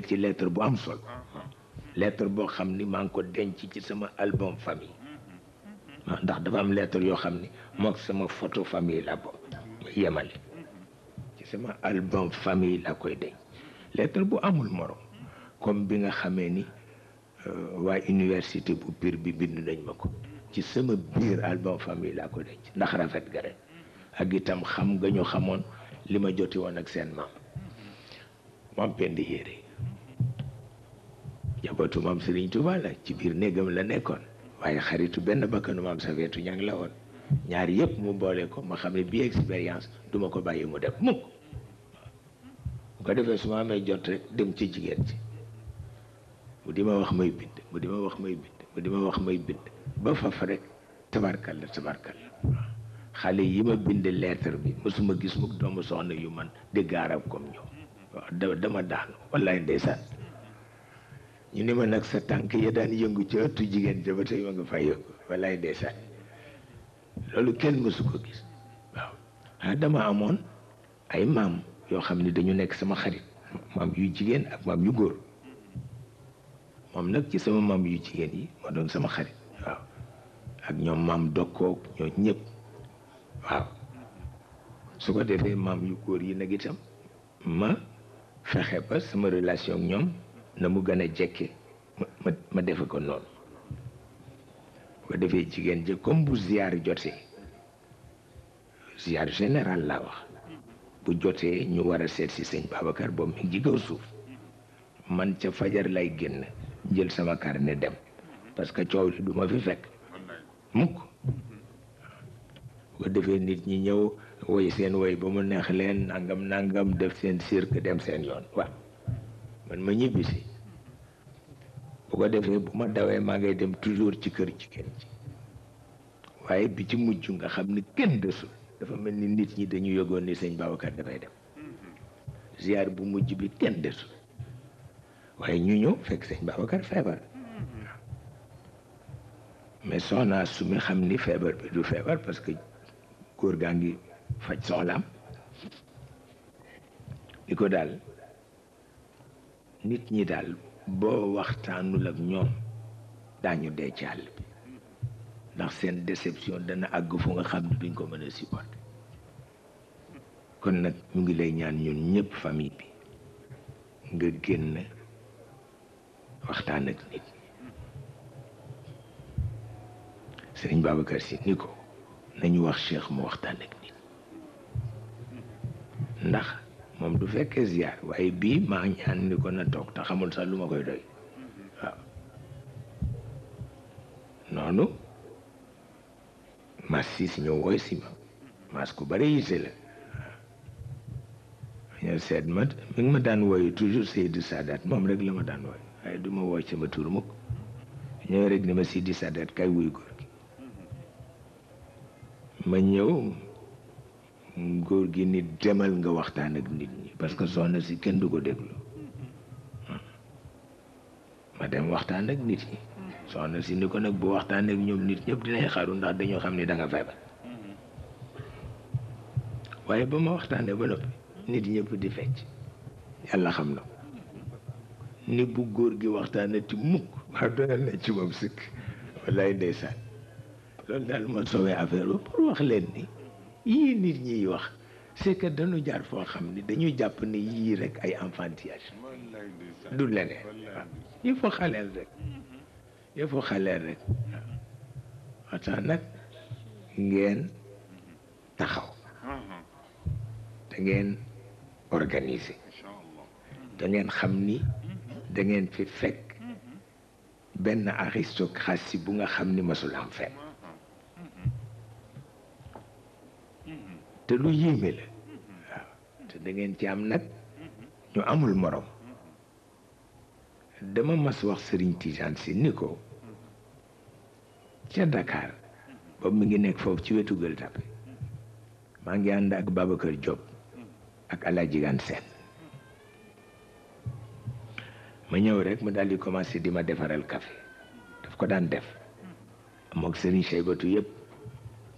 bind ci lettre bu am solo uh-huh. lettre boo xam ni maa ngi ko denc ci sama album famille mm-hmm. ah, ndax dafa am lettre yoo xam ni mook sama photo famille la bo yemale mm-hmm. ci sama album famille la koy denc lettre bu amul morom comme bi nga xamee ni euh, waaye université bu Pire bi bind nañ ma ko ci sama biir album famille laa ko denc ndax rafet ga rek ak itam xam nga ñu xamoon li ma joti woon ak seen maam maam mm-hmm. Penda Yéré njabootu maam Serigne Touba la ci biir néegam la nekkoon waaye xaritu benn bakkanu maam sa wetu ña ngi la woon ñaar yëpp mu boole ko ma xam ne bii expérience duma ko bàyyi mu def mukk bu defee su ma amee jot rek dem ci jigéen ci mu di ma wax may bind mu di ma wax may bind mu di ma wax may bind ba faf rek tabarkal la tabarkal la xale yi ma bind lettre bi mosuma gis mukk doomu soxna yu man di gaarab comme ñoom waaw dama daanu wallaay ndeysaan ñu ni ma nag sa tànk ya daan yëngu ci ëttu jigéen ja yoon tey ma nga fay yëngu walaay ndeysaan loolu kenn mësu ko gis waaw ah dama amoon ay maam yoo xam ni dañu nekk sama xarit maam yu jigéen ak maam yu góor moom nag ci sama maam yu jigéen yi doon sama xarit ak ñoom maam dokkoog ñoo ñëpp waaw su ko defee maam yu góor yi nag itam ma fexe ba sama relation ñoom na mu gën a jekke ma ma defe ko noonu bu ko defee jigéen ji comme bu ziar jotee ziar général laa wax bu jotee ñu war a seet si sëñ Babacar boobu mi ngi suuf man ca fajar lay génn jël sama carnet dem parce que coow li du ma fi fekk mukk bu ko defee nit ñi ñëw woy seen woy ba mu neex leen nangam nangam def seen cirque dem seen yoon waaw man ma ñibbisi ko defee bu ma dawee maa ngay dem toujours ci kër jigéen ji waaye bi ci mujj nga xam ni kenn desul dafa mel ni nit ñi dañu yogoon ni sëñ Babacar dafay dem ziar bu mujj bi kenn desul waaye ñu ñëw fekk sëñ Babacar feebar mais soxna su mi xam ni feebar bi du feebar parce que góor gaa ngi faj soxlaam li ko daal nit ñi daal boo waxtaanul ak ñoom daañu dee ci àll bi ndax seen déception dana àgg fu nga xam ne duñ ko mën a supporter kon nag mu ngi lay ñaan ñun ñëpp famille bi nga génn waxtaan ak nit sëriñ Babacar Si ni ko nañu wax cheikh mu waxtaan ak nit ndax moom du fekkee ziar waaye bii maa ñaan ni ko na toog te xamul sax lu ma koy doy waaw noonu mas siis ñëw woy si ma mas ku bare yitte la ñëw seet ma mi ma daan woyu toujours Seydou Sadat moom rek la ma daan woy waaye du ma woy sama tur mukk ñëw rek ni ma Sidi Sadat kay wuy góor gi ma ñëw ngor gi ni demal nga waxtan ak nit ñi parce que soxna si kenn du ko déglu ma dem waxtan ak nit ñi soxna si ni ko nag bu waxtan ak ñoom nit ñëpp dinañ xaru ndax dañu xam ne da nga feebar waaye ba ma waxtaanee ba noppi nit ñëpp di fecc yàlla xam na ni bu góor gi waxtaanee ci mukk waa doyal na ci moom sikk wallaay ndeysaan loolu daal ma soowee affaire ba pour wax leen ni yii nit ñiy wax c'est que dañu jaar foo xam ni dañuy jàpp ni yii rek ay enfantillage du leneen waaw il xaleel rek il faut xaleel rek waaw nag ngeen taxaw da ngeen organiser xam ni da fi fekk benn aristocratie bu nga xam ni masul am fenn te lu yéeme la waaw te da ngeen ci am nag ñu amul morom dama mas wax sëriñ Tijane si ni ko ca Dakar ba mu ngi nekk foofu ci wetu Gueule Tapée maa ngi ànd ak Babacar Diop ak Alaaji Gan Seen ma ñëw rek mu daal di commencé di ma defaral café daf ko daan def moog Serigne Cheybatu yëpp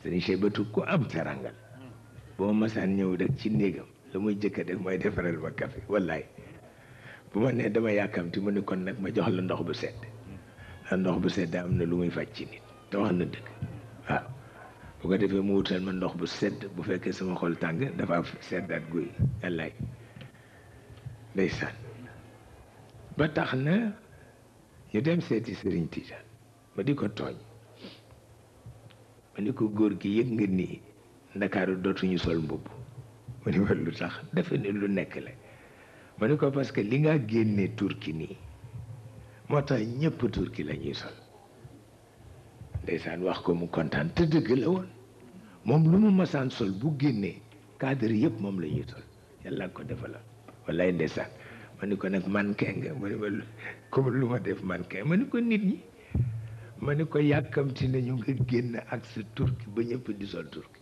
Serigne Cheybatu ku am teranga boo masaan ñëw rek ci néegam la muy jëkk a def mooy defaral ma café wallaay bu ma nee dama yàkkamti mu ni kon nag ma jox la ndox bu sedd ndax ndox bu sedd am na lu muy faj ci nit te wax na dëgg waaw bu ko defee mu wutal ma ndox bu sedd bu fekkee sama xol tàng dafa am seddaat guy wallaay ndeysaan ba tax na ñu dem seeti sëriñ Tijaan ma di ko tooñ ma ni ko góor gi yëg nga nii ndakaaru dootuñu sol mbubb mu ni ma lu tax dafa ne lu nekk la ma ni ko parce que li nga génne turki nii moo tax ñëpp turki la ñuy sol ndeysaan wax ko mu kontaan te dëgg la woon moom lu mu masaan sol bu génnee cadre yëpp moom la ñuy sol yàlla ko defaloon wallaay ndeysaan ma ni ko nekk mannequin nga ma ni ma lu ma def mannequin ma ni ko nit ñi ma ni ko yàkkamti nañu nga génn ak sa turki ba ñëpp di sol turki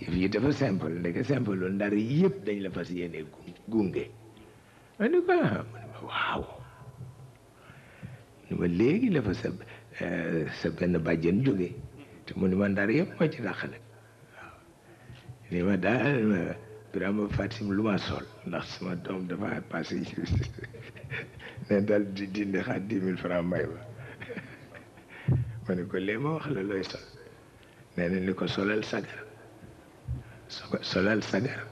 yëf yi dafa simple ndeke simple loolu ndar yëpp dañ la fas yéene gunge ma ko ma ne ma waaw la fa sa eh, sa benn bàjjen jóge te mu ma ndar yëpp moo ci dàqale ni ma daal Birama Fatim lu ma sol ndax sama doom dafa passé ne daal di dindi xaat francs may ba ma ne ko léegi ma wax la sol nee na ko solal sagar su ko solal sa garab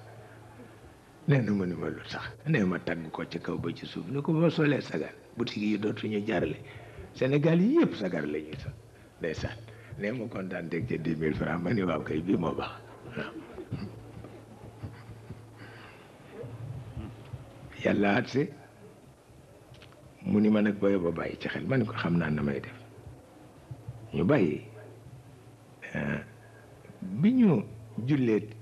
na mu ne ma lu tax nee ma tàgg ko ci kaw ba ci suuf ni ko boo solee sagar boutique yi dootuñu jaarale Sénégal yi yëpp sagar la ñuy sax nee ma kontaan teg ca dix mille francs ma ni waaw kay bii moo baax yàlla at si mu ni ma nag booy ba bàyyi ci xel ma ni ko xam naa na may def ñu bàyyi eh, bi ñu julleet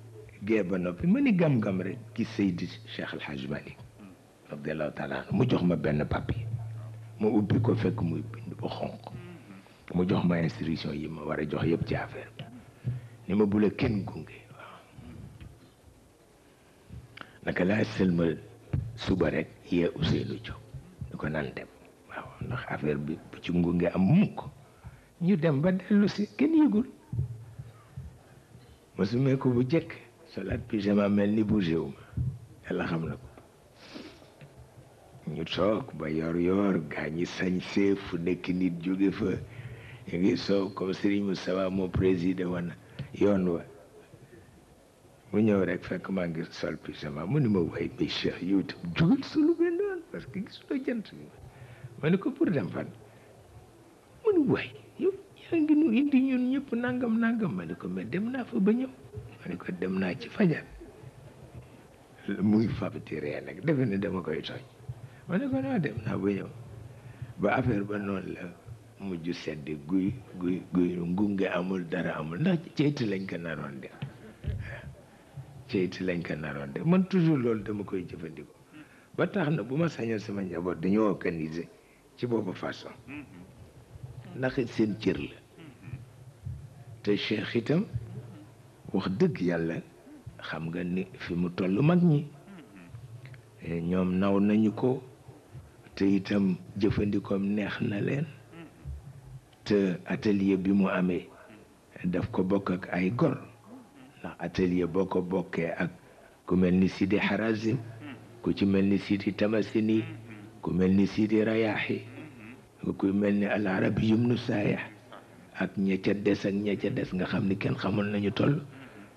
جيبا نوبي ماني غام غام رك كي سيدي شيخ الحاج مالك رضي الله تعالى عنه مو جوخ ما بن بابي مو اوبي كو فك مو بند بو خونق مو جوخ ما انستريسيون يما وارا جوخ ييب تي افير نيما بولا كين غونغي نك لا سلم سوبا رك هي اوسي لو جو نكو نان ديم واو ندخ افير بي بي غونغي ام موك ني ديم با دلوسي كين يغول مسمي كو بو جيك salat bi sama mel ni bougé wu ma xam na ko ñu toog ba yor yor gaa sañ sañse fu nekk nit jóge fa ñu ngi soow comme Serigne Moustapha moo président woon yoon wa mu ñëw rek fekk maa ngi sol pyjama mu ni ma way bi cheikh yow itam jógal solu benn parce que lo jant bi ma ne ko pour dem fan mu ni way yow yaa ngi nu indi ñun ñëpp nangam nangam ma ne ko mais dem naa fa ba ñëw ma ko dem naa ci fajar muy fabti ree nag defe ne dama koy tooñ ma ko naa dem naa ba ñëw ba affaire ba noonu la mujj sedd guy guy guy ngunge amul dara amul ndax ceyti lañ ko naroon def ceyti lañ ko man toujours loolu dama koy jëfandikoo ba tax na bu ma sañoon sama njaboot dañoo organiser ci boobu façon mm-hmm. ndax seen cër la mm-hmm. te cheikh itam wax dëgg yàlla xam nga ni fi mu toll mag ñi eh, ñoom naw nañu ko te itam jëfandikoom neex na leen te atelier bi mu amee daf ko bokk ak ay gor ndax atelier boo ko bokkee ak ku mel ni Sidi Harazim ku ci mel ni Sidi Tamasini ku mel ni Sidi Rayaaxi kuy mel ni al arabi yum nu ak ña des ak ña des nga xam ni kenn xamul nañu toll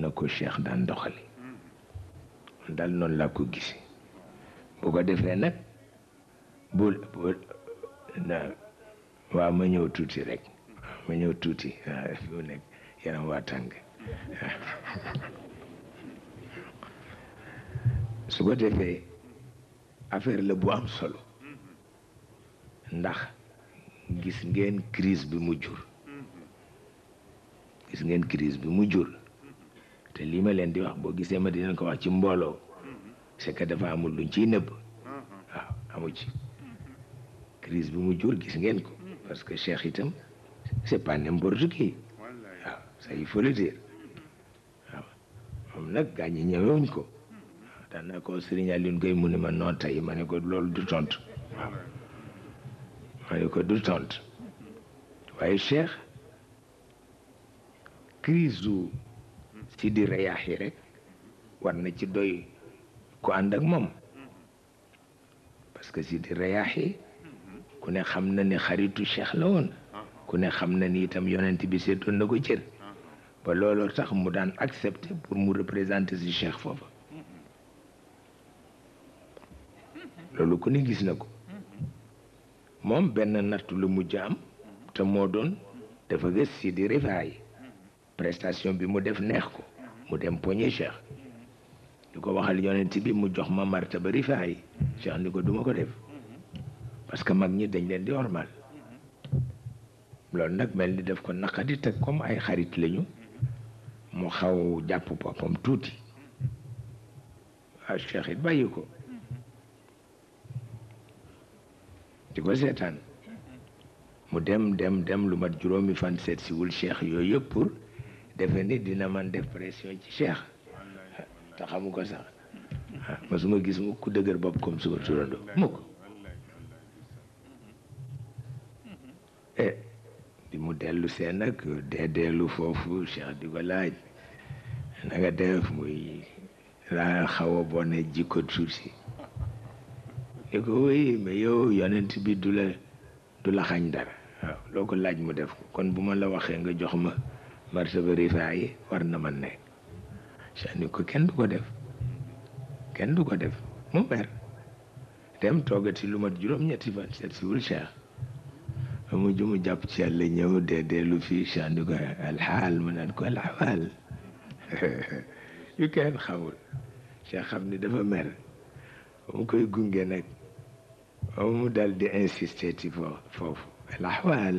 na ko cheikh daan doxali dal noonu laa ko gisi bu ko defee nag bul waaw ma ñëw tuuti rek ma ñëw tuuti waaw fi mu nekk yaram waa su ko defee affaire la bu am solo ndax gis ngeen crise bi mu jur gis ngeen crise bi mu jur te lii ma leen di wax boo gisee ma di leen ko wax ci mbooloo c'est que dafa amul luñ ciy nëbb waaw amu ci crise bi mu jur gis ngeen ko parce que Cheikh itam c'est pas n'importe qui waaw ça il faut le dire waaw moom nag gaa ñi ñëwewuñ ko waaw daanaa ko Sëriñ Aliou Gueye mu ne ma non tey ma ne ko loolu du tontu ma ne ko du tontu waaye Cheikh crise ci di reyaax yi rek war na ci doy ku ànd ak moom parce que si di reyaax yi ku ne xam na ni xaritu cheikh la woon ku ne xam na ni itam yonent bi seetoon na ko cër ba looloo tax mu daan accepté pour mu représenter foofu loolu ku ne gis na ko moom benn nattu lu mujj am te moo doon dafa gës si di rifaay prestation bi mu def neex ko mu dem poñe cheikh di ko waxal yonent bi mu jox ma martaba rifaa yi cheikh ni ko duma ko def parce que mag ñi dañ leen di ormal loolu nag mel ni def ko naqadi te comme ay xarit lañu mu xaw jàpp boppam tuuti waaw ah, cheikh it bàyyi ko di ko seetaan mu dem dem dem lu mat juróomi fan seet siwul yooyu yëpp pour defe ni dina man def pression ci Cheikh te xamu ko sax masuma gis mu ku dëgër bopp comme suma turando mukk eh bi mu dellu seen nag dee dellu foofu Cheikh di ko laaj na def muy laa xaw a bone jikko suuf si ni ko oui mais yow yonent bi du la du la xañ dara waaw loo ko laaj mu def ko kon bu ma la waxee nga jox ma martaba rifaa yi war na mën nekk sànni ko kenn du ko def kenn du ko def mu mer dem toogati lu mat juróom-ñetti fan seet wul cheikh mu jumu jàpp ci yàlla ñëw dee lu fii sànni ko alxaal mu naan ko alxaal yu kenn xamul cheikh xam ni dafa mer mu koy gunge nag mu dal di insister foofu alxaal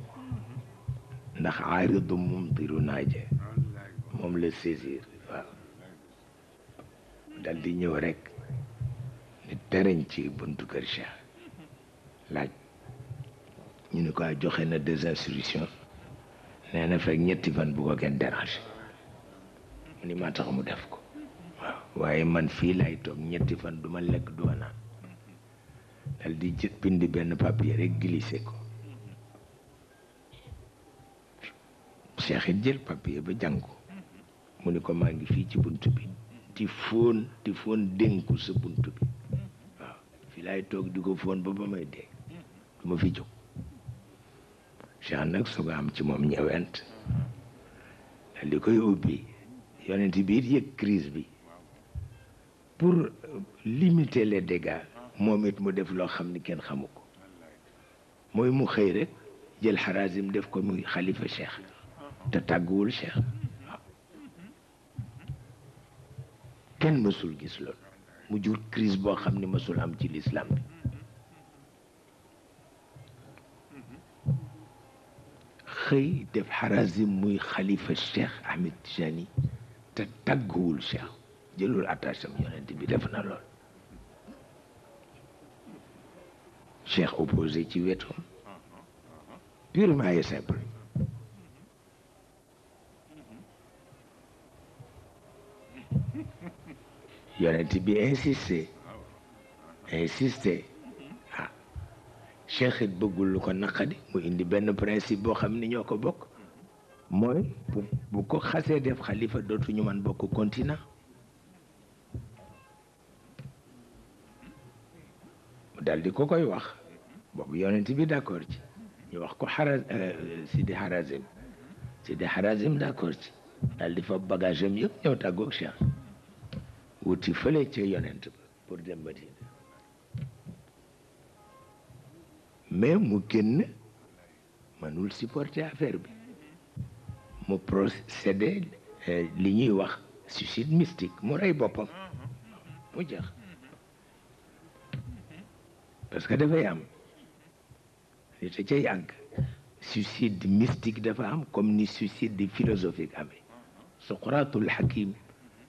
ndax aaridu mumtiru naaje mom le saisir dal di ñew rek ni tereñ ci buntu kër cheikh laaj ñu ni ko ah, joxe na des instructions nee fek ñetti fan bu ko gën dérange mu ni ma tax mu def ko waaye man fi lay tok ñetti fan duma lek lekk du dal di bind ben papier rek glisser ko Cheikh it jël papier ba jàng ko mu ni ko maa ngi fii ci bunt bi di fóon di fóon dénku sa bunt bi waaw fii laay toog di ko foon ba ba may dee du fi jóg Cheikh nag soo ko am ci moom ñëwent dal di koy ubbi yonent bi it yëg crise bi pour limiter les dégâts moom it mu def loo xam ni kenn xamu ko mooy mu xëy rek jël xaraasim def ko muy xalifa Cheikh te tàgguwul Cheikh waaw mësul gis loolu mu jur crise boo xam ni mësul am ci lislaam bi xëy def Harazim muy xalifa Cheikh Ahmed Tijani te tàgguwul Cheikh jëlul attache am yonent bi def na lool Cheikh opposé ci wetam purement et simple yonent bi insisté insisté ah cheikh it bëggul ko naqadi mu indi benn principe boo xam ni ñoo ko bokk mooy bu ko xasee def xalifa dootuñu man bokk continent mu dal di ko koy wax boobu yonent bi d'accord ci ñu wax ko xara euh, Sidi Harazim Sidi Harazim d'accord ci dal di fa bagage am yëpp ñëw tàggoog cheikh wuti fële ca yonent ba pour dem Madina mais mu génn mënul supporter affaire bi mu procédé euh, li ñuy wax suicide mystique mu rey boppam mu jeex parce que dafay am li te cay àgg suicide mystique dafa am comme ni suicide philosophique amee Socratul Hakim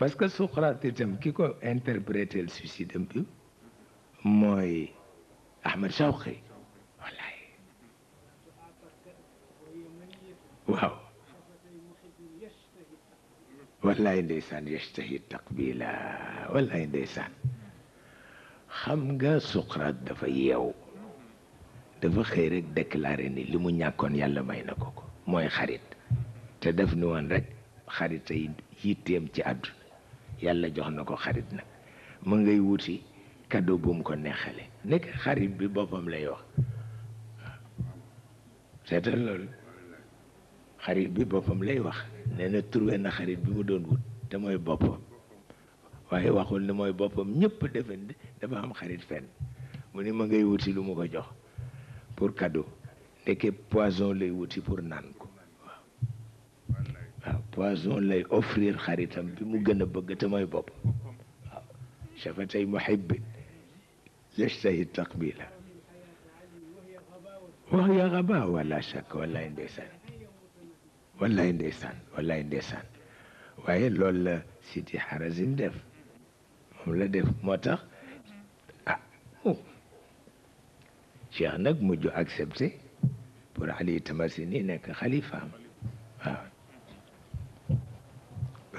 parce que Socrate itam ki ko interpréter le suicide un peu mooy Ahmed Shawqi wallaay waaw wallaay ndeysaan yashtahi taqbila wallaay ndeysaan xam nga Socrate dafa yeew dafa xëy rek déclaré ni li mu ñàkkoon yàlla may na ko ko mooy xarit te def ni woon rek xarita yi yitteem ci àdduna yàlla jox na ko xarit nag mu ngay wuti cadeau bu mu ko neexale nekk xarit bi boppam lay wax seetal loolu xarit bi boppam lay wax nee na trouvé na xarit bi mu doon wut te mooy boppam waaye waxul ni mooy boppam ñëpp defe dafa am xarit fen mu ni ma ngay wuti lu mu ko jox pour cadeau ndekke poison lay wuti pour naan توازن لي أفرير خريطة بمجنة بقيت ماي بابا شفتي محب يشتهي التقبيل وهي غباء ولا شك ولا إنديسان ولا إنديسان ولا إنديسان وهي لول سيدي حرزين دف ولا دف موتاخ آه، شيخ نجم جو اكسبتي بور علي تمسيني انك خليفه آه.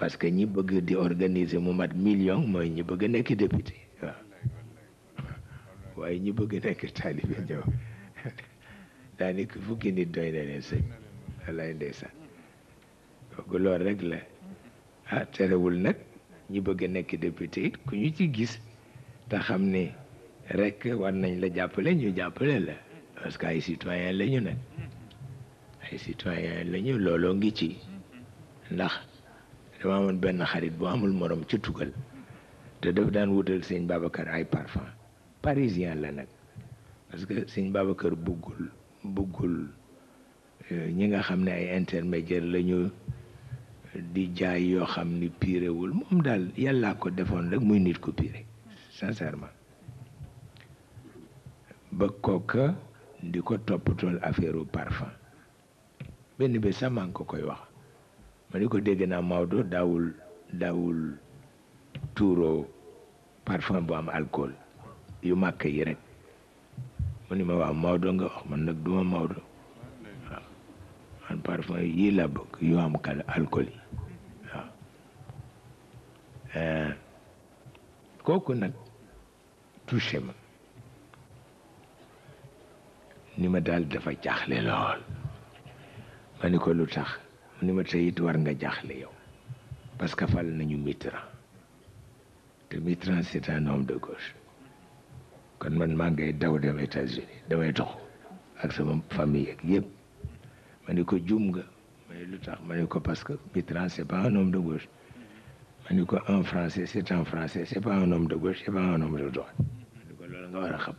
parce que ñi bëgg di organiser mu mat million mooy ñi bëgg nekk député waaw waaye ñi bëgg nekk taalibe ñëw daanaka fukki nit doy na leen sëñ walaay ndeysaan donc loolu rek la ah terewul nag ñi bëgg nekk député it ku ñu ci gis te xam ne rek war nañ la jàppale ñu jàppale la parce que ay citoyen la ñu nag ay citoyen la ñu looloo ngi ci ndax dama amoon benn xarit bu amul morom ca tugal te daf daan wutal sëñ Babacar ay parfum parisien la nag parce que sëñ Babacar buggul buggul euh, ñi nga xam ne ay intermédiaire la ñu di jaay yoo xam ni piirewul moom daal yàllaa ko defoon rek muy nit ko piire sincèrement ba kooka di ko toppatool affaire u parfum benn bi sax maa ko koy wax ma ni ko dégg naa Maodo daawul daawul tuuro parfum bu am alcool yu màkk yi rek mu ni ma waaw Maodo nga wax man nag duma Maodo waaw man parfum yii la bëgg yu am kal alcool eh, kooku nag touché ma ni ma daal dafa jaaxle lool ma ni ko lu tax ne ni ma tey it war nga jaaxle yow parce que fal nañu Mitterrand te Mitterrand c'est un homme de gauche kon man maa ngay daw dem États-Unis damay ak sama famille ak yëpp ma ni ko nga ma ne lu tax ne ko parce que pas un homme de gauche ma ne ko en français c'est en français c'est pas un homme de gauche c'est pas un homme de droite a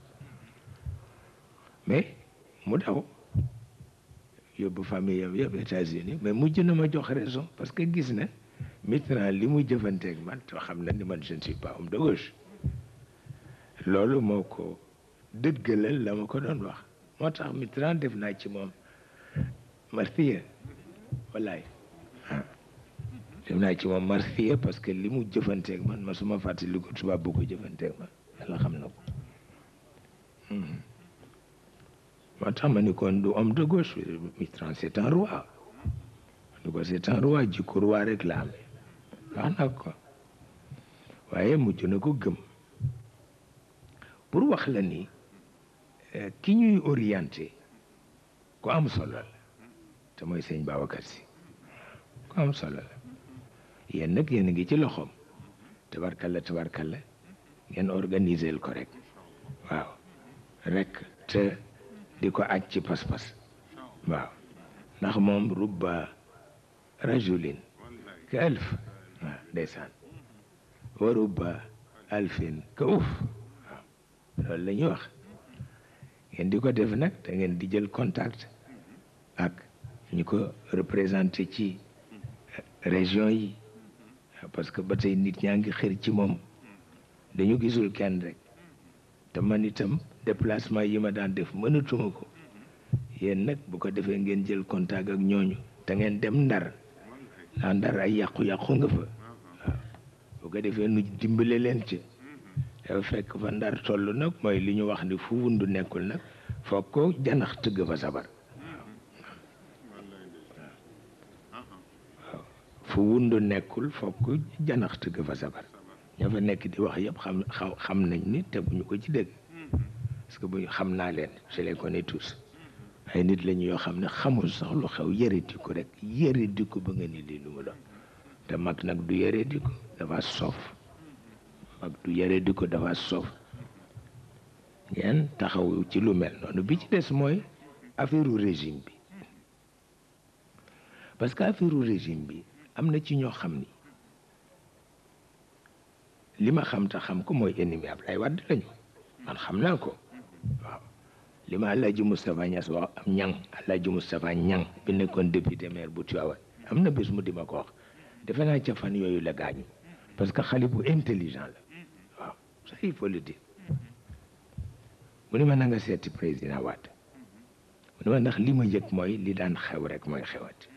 mais daw yóbbu famille mais mujj na ma jox raison parce que gis na li mu jëfanteeg man ni man je ne suis pas homme de gauche loolu moo ko dëggalal la ma ko doon wax moo tax def naa ci moom martie wallaay def naa ci moom martie parce que li mu jëfanteeg man ma suma ko Kama niko ndo homme de gauche, Mitterrand c'est un ji ko roi rek la amee wax ko waaye mujj na ko gëm pour wax la ni ki ñuy orienté ku am solo la te mooy sëñ Babacar Si ku am solo la yéen nag yéen a ngi ci loxoom tabarkalla tabarkalla ngeen organiser ko rek waaw rek te. diko acci acte pas waaw ndax mom rubba rajulin ka alf waaw wa rubba alfin ka uf wax ngeen def di jël contact ak ñu ko région yi parce que ba nit ñaa xër ci te man itam déplacement yi ma daan def mënatuma ko yéen nag bu ko defee ngeen jël contact ak ñooñu te ngeen dem ndar naa ndar ay yàqu-yàqu nga fa bu ko defee nu dimbale leen ci dafa fekk fa ndar toll nag mooy li ñu wax ni fu wundu nekkul nag foog ko janax tëgg fa sabar fu wundu nekkul foog ko janax tëgg fa sabar ñoo fa nekk di wax yëpp xam xam nañ ni teguñu ko ci dégg parce que bu ñu xam naa leen je les connais tous ay nit lañu yoo xam ne xamul sax lu xew di ko rek yëredi ko ba nga ni lii lu mu doon te mag nag du yëredi ko dafa sof mag du yëredi ko dafa soof ngeen taxaw ci lu mel noonu bi des mooy affaire régime bi parce que affaire régime bi am na ci ñoo xam ni li ma xam te xam ko mooy ennemi Ablaye Wade lañu man xam naa ko waaw li ma Alaaji Moustapha Niass wax am ñang Alaaji mustapha ñang bi nekkoon député maire bu Tivaouane am na mu di ma ko wax defe naa ca fan yooyu la gaañu parce que xale bu intelligent la waaw ça il faut le dire mu ne ma na nga seeti président Wade mu ne ma ndax li ma yëg mooy li daan xew rek mooy xewati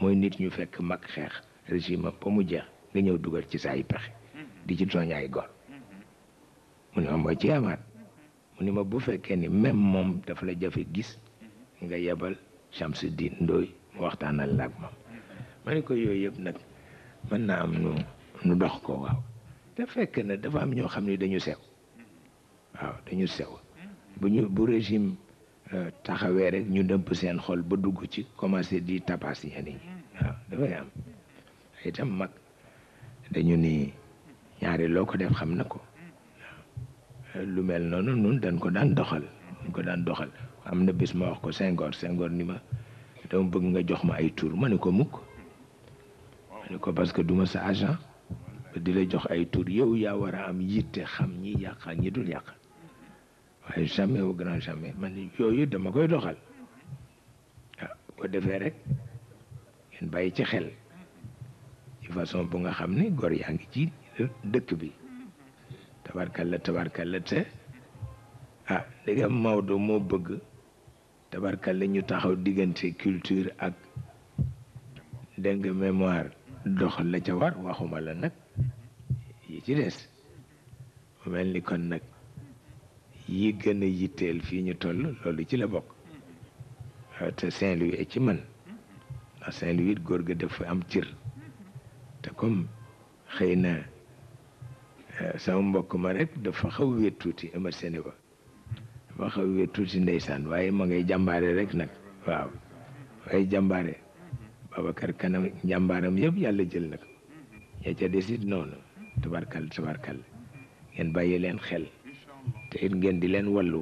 mooy nit ñu fekk mag xeex régime ba mu jeex nga ñëw dugal ci say pexe di ci tooñ ay gor mu ni ma bu fekkee ni même moom dafa la jafe gis nga yebal Chamsuddin Ndooy mu waxtaanal la ak moom ma ne ko yooyu yëpp nag mën naa am nu dox ko waaw te fekk na dafa am ñoo xam ne dañu sew waaw dañu sew bu régime euh, taxawee rek ñu dëmp seen xol ba dugg ci commencé di tapas yenn yi waaw dafay am itam mag dañu ni ñaari loo ko def xam na ko lu mel noonu nun dañ ko daan doxal dañ ko daan doxal am na bis wax ko Senghor Senghor ni ma dama bëgg nga jox ma ay tur ma ne ko mukk ma ne ko parce que du ma sa agent ba di la jox ay tur yow yaa war a am yitte xam ñi yàq ñi dul yàq waaye jamais au grand jamais man yooyu dama koy doxal waaw ah, ko defee rek ngeen bàyyi ci xel ci façon bu nga xam ne gor yaa ngi ci dëkk bi tabarkalla tabarkalla te ah ndegam Maodo moo bëgg la ñu taxaw diggante culture ak dégg nga dox la ca war waxuma la nag yi ci des mu mel ni kon nag yi gën a yitteel fii ñu toll loolu ci la bokk ah, te Saint-Louis ci man ndax ah, Saint-Louis góor ga dafa am cër te comme xëy na Eh, sama mbokk ma rek dafa xaw wéet tuuti Amar dafa xaw wéet ndeysaan waaye ma ngay jàmbaare rek nag waaw waaye jàmbaare Babacar kanam jàmbaaram yëpp yàlla jël na ko ña ca des it noonu tabarkal tabarkal ngeen bàyyi leen xel te it ngeen di leen wallu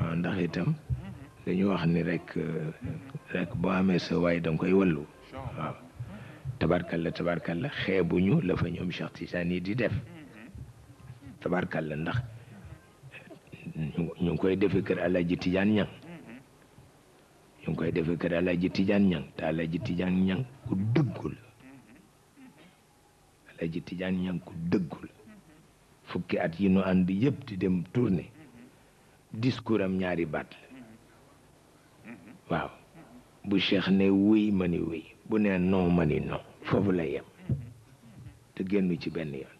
waaw ndax itam dañu wax ni rek eh, rek boo amee sa waaye danga koy wallu waaw tabarkal la tabarkal la xeebuñu la fa ñoom Cheikh Tidiane yi di def tabarkàlla ndax ñu ngi koy defee kër Alaaji Tijaan Ñang ñu ngi koy defee kër Alaaji Tijaan Ñang te Alaaji Tijaan Ñang ku dëggu la Alaaji Tijaan Ñang ku dëggu fukki at yi nu ànd yëpp di dem tournée ñaari baat la waaw bu Cheikh ne wuy ma ni wuy bu ne non ma ni non foofu la yem te génn ci benn yoon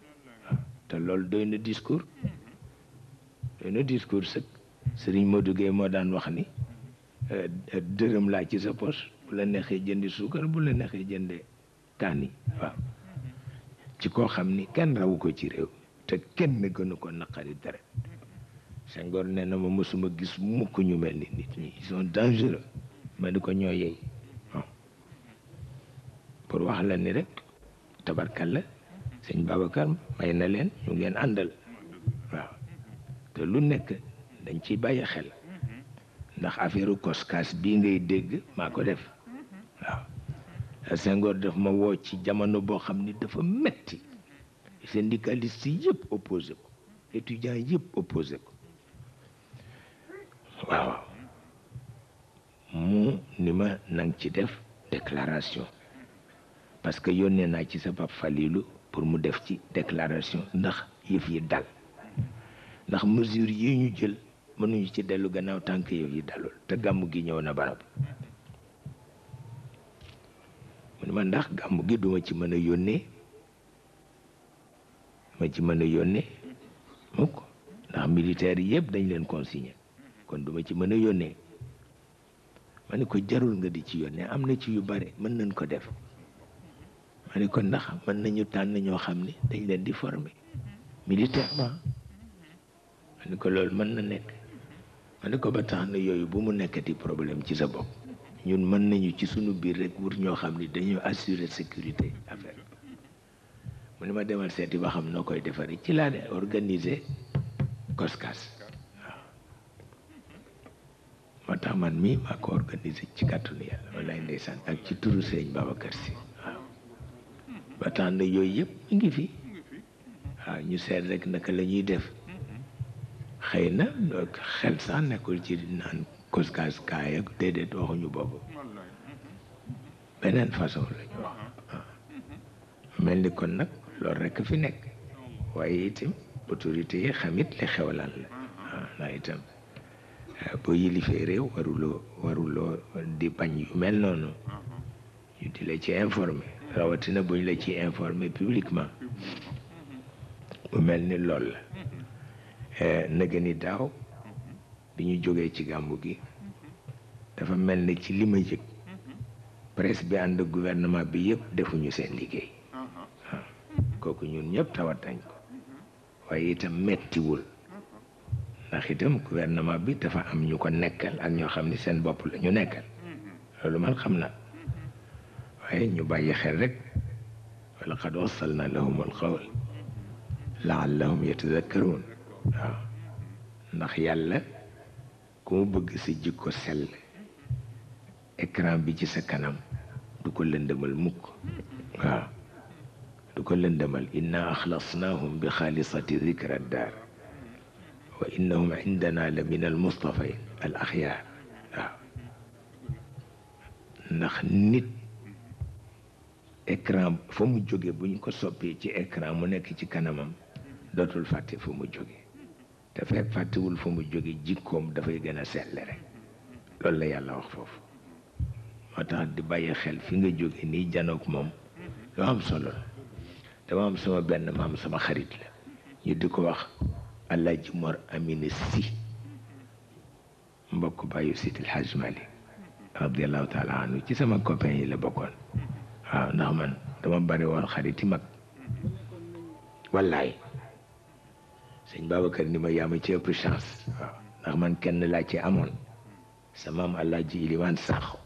te loolu doy na discours doy na discours sëg sëriñ Modou duggee moo daan wax ni eh, eh, dërëm laa ci sa poche bu la neexee jëndi suukar bu la neexee jënde kaani waaw ci koo xam ni kenn rawu ko ci réew te kenn gënu ko naqari deret Senghor nee na ma mësuma gis mukk ñu mel ni nit ñi ils sont dangereux ma di ko ñoo yey pour wax la ni rek tabarkal la sëñ Babacar may na leen ñu ngeen àndal waaw te lu nekk dañ ci bàyyi xel ndax affaire koskaas bii ngay dégg maa ko def waaw Senghor daf ma woo ci jamono boo xam ni dafa metti syndicaliste yëpp opposé ko étudiant yëpp opposé ko waaw mu ni ma nang ci def déclaration parce que yónnee naa ci sa Pape Falilou pour mu def ci declaration ndax yëf yi dal ndax mesure yi ñu jël mënuñu ci dellu gannaaw tànk yëf yi dalul te gàmm gi ñëw na barab mu ne ma ndax gàmm gi duma ci mën a yónnee ma ci mën a yónnee mukk ndax militaire yëpp dañ leen consigné kon duma ci mën a yónnee ma ne ko jarul nga di ci yónnee am na ci yu bare mën nañ ko def ma ne ko ndax mën nañu tànn ñoo xam ni dañ leen di former militairement ma ni ko loolu mën na nekk ma ne ko ba tax na yooyu bu mu nekkati problème ci sa bopp ñun mën nañu ci sunu biir rek wut ñoo xam ni dañu assurer sécurité affaire mu ne ma demal seeti ba xam noo koy defaree ci laa de organiser koskas waaw moo tax man mii maa ko organiser ci kàttanu yàlla walaay ndeysaan ak ci turu sëñ Babacar Si ba yooyu yëpp mi ngi fi waaw ñu seet rek naka la ñuy def mm-hmm. xëy na xel sax nekkul ci naan koskaas kaay ak déedéet waxuñu boobu mm-hmm. beneen façon la wax uh-huh. ah. mm-hmm. mel ni kon nag lool rek fi nekk oh. waaye itam autorité yi xamit li xew lan la waaw uh-huh. ah, naa itam ah, boo yilifee réew waruloo waruloo di bañ yu mel noonu uh-huh. ñu di la ci informer rawatina bu ñu la ci informer publiquement mu mel ni lool la eh, nëgë ni daaw bi ñu jógee ci gàmmu gi dafa mel ni ci li ma yëg presse bi ànd gouvernement bi yëpp defuñu seen liggéey waaw ah, kooku ñun ñëpp tawat ko waaye itam mettiwul ndax itam gouvernement bi dafa am ñu ko nekkal ak ñoo xam ni seen bopp la ñu nekkal loolu man xam na وين يبي يخرج ولقد وصلنا لهم القول لعلهم يتذكرون نخيال كو بغ سجيكو سل اكران بيجي سكنم دوكو لندمل موك دوكو لندمل إنا أخلصناهم بخالصة ذكر الدار وإنهم عندنا لمن المصطفين الأخيار نخ نت écran fa mu jóge bu ñu ko soppee ci écran mu nekk ci kanamam dootul fàtte fa mu jóge te fekk fàttewul fa mu jóge jikkoom dafay gën a sell rek loolu la yàlla wax foofu moo tax di bàyyi xel fi nga jóge nii janoog moom lu am solo la dama am sama benn maam sama xarit la ñu di ko wax Alaaji Mor Amina Si mbokk bàyyu Sidil Hajj radiallahu taala anhu ci sama copain yi la bokkoon waaw ah, ndax man dama bari woon xarit yi mag wallaay sëñ Babacar ni ma yaa ci ëpp chance waaw ndax man kenn laa ci amoon sa maam Alaaji Ilimaan Saaxo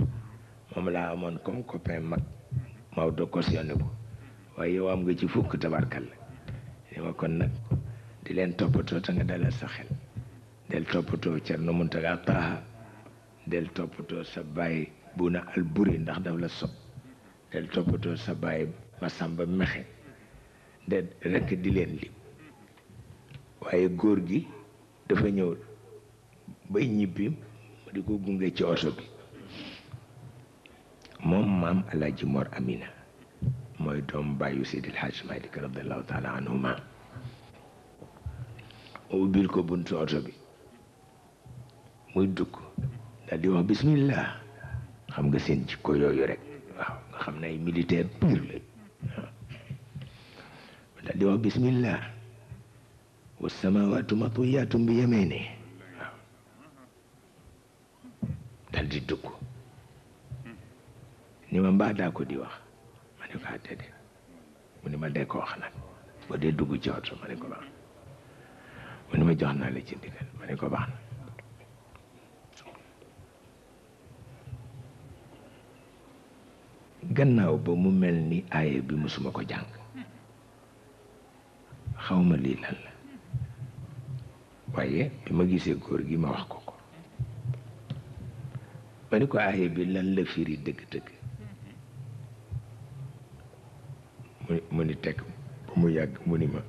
moom laa amoon comme copain mag Maodo cautionné ko waaye yow am nga ci fukk tabarkal la li ma kon nag di leen toppatoo te nga dalal sa xel del toppatoo Cerno Muntaga Taaha del toppatoo sa baay Buna Alburi ndax daf la sob del toppatoo sa baay Masamba Mexe de rekk di leen lim waaye góor gi dafa ñëw ba ñibbi ma di ko gunge ci oto bi moom maam Alaaji Mor Amina mooy doom bàyyu Seydil Hadj Malick radiallahu taala anhuma ubbil ko buntu oto bi muy dugg daal di wax bismillah xam nga seen jikko yooyu rek waaw xam na ay militaire pur la waaw daal di wax bismillah wa samawaatu matwiyaatum bi yamini waaw daal ni ma mbaa daa di wax ma ne ko àddede ni ma dee ko wax nag boo dee dugg ci ma ne ko baax mu ni ma jox naa la ci ma ne ko baax gannaaw ba mu mel ni aaye bi musuma ko jàng xawma lii lan la waaye bi ma gisee góor gi ma wax ko ko ma ni ko aaye bi lan la firi dëgg-dëgg mu mu ni teg ba mu yàgg mu ni ma